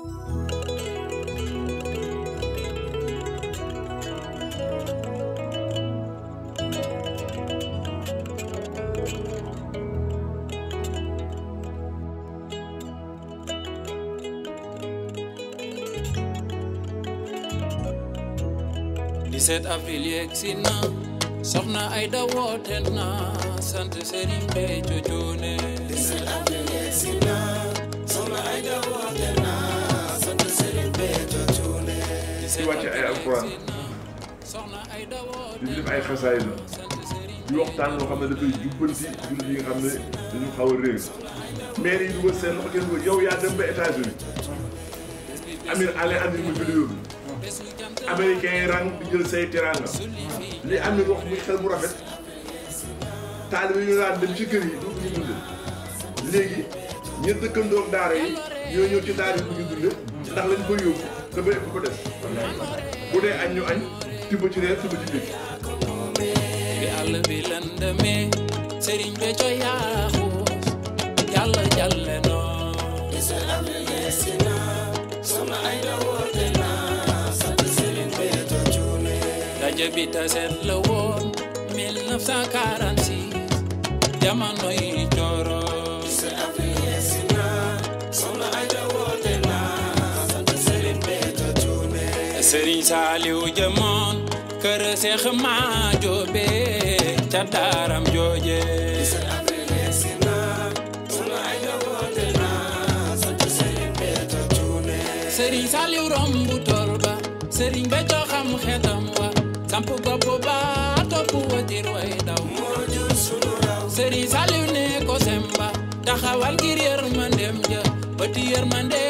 17 avril yegg si na soxna Aida woote na sant Serigne Béthio Thioune alxuraan di def ay xasaay la loo xam ne dafay a réer maire yi yow yaa dem ba États-Unis li amir wax muy xel mu rafet taalibe ñu daan dem ci kër yi du ñu dunde léegi ñu dëkkandoo daara yi ñoo ñëw ci daara yi ñu dunde ndax lañ ko yóbbu dafay ëpp ko def bu dee añ ñu añ tibb ci reer tibb ci biir. bi àll bi lëndëmee sëriñ bi co yaaxu yàlla jàlle noo. islam yeesi naa soxna ay la woote naa sant sëriñ bi co cuune. daje bi taseet la woon 1946 jamono yi coon. sëriñ saaliw jëmoon kër seex maa joobe ca daaram jooje sëriñ saaliw rombu tool ba sëriñ ba joxam xetam wa samp gopp ba topp watir way daw sëriñ saaliw ne ko semba taxawal ngir yërmandem ja bëti yërmande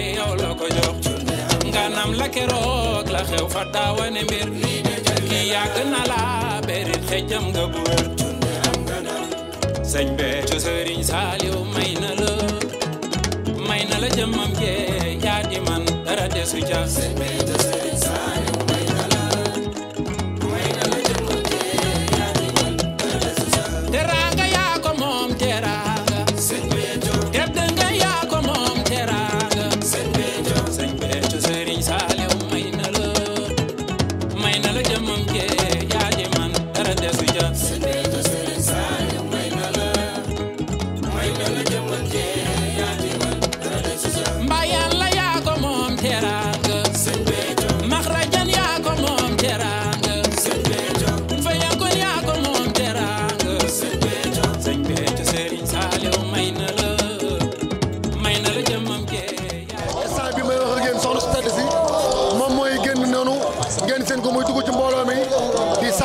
yow la ko jox nganam la keroog la xew fa daawane mbir ki yàgg na la berit xejam nga bu wér sëñ be ci sëriñ Saaliw may na la may na la jëmmam jee yaa di man dara desu ca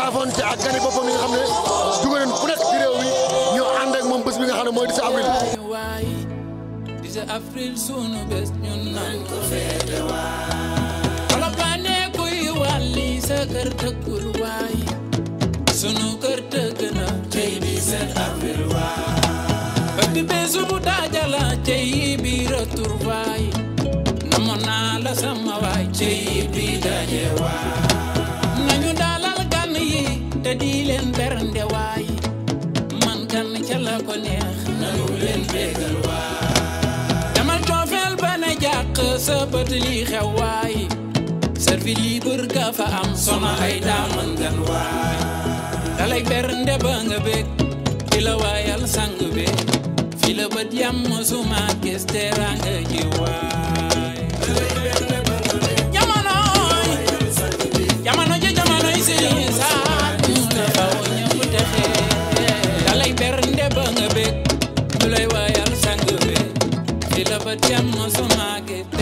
saafonte ak gani boppam yi nga xam ne dugal nañ ku nekk ci réew mi ñu ànd ak moom bés bi nga xam ne mooy 17 avril. 17 avril sunu bés ñun nañ ko feete waay. xolofaane kuy wàlli sa kër tëkkul waay. sunu kër tëgg na. tey 17 avril waay. bëgg bésu bu daajala tey. te di leen bernde waay man kan ca la ko neex nanu leen bégal waay damal toofeel ba ne jàq sa li xew waay servi libre ka fa am sona daaman gan waay dalay bernde ba nga bég di waayal sang be fi la bët yam suma gis ji waay but yeah, I'm so market.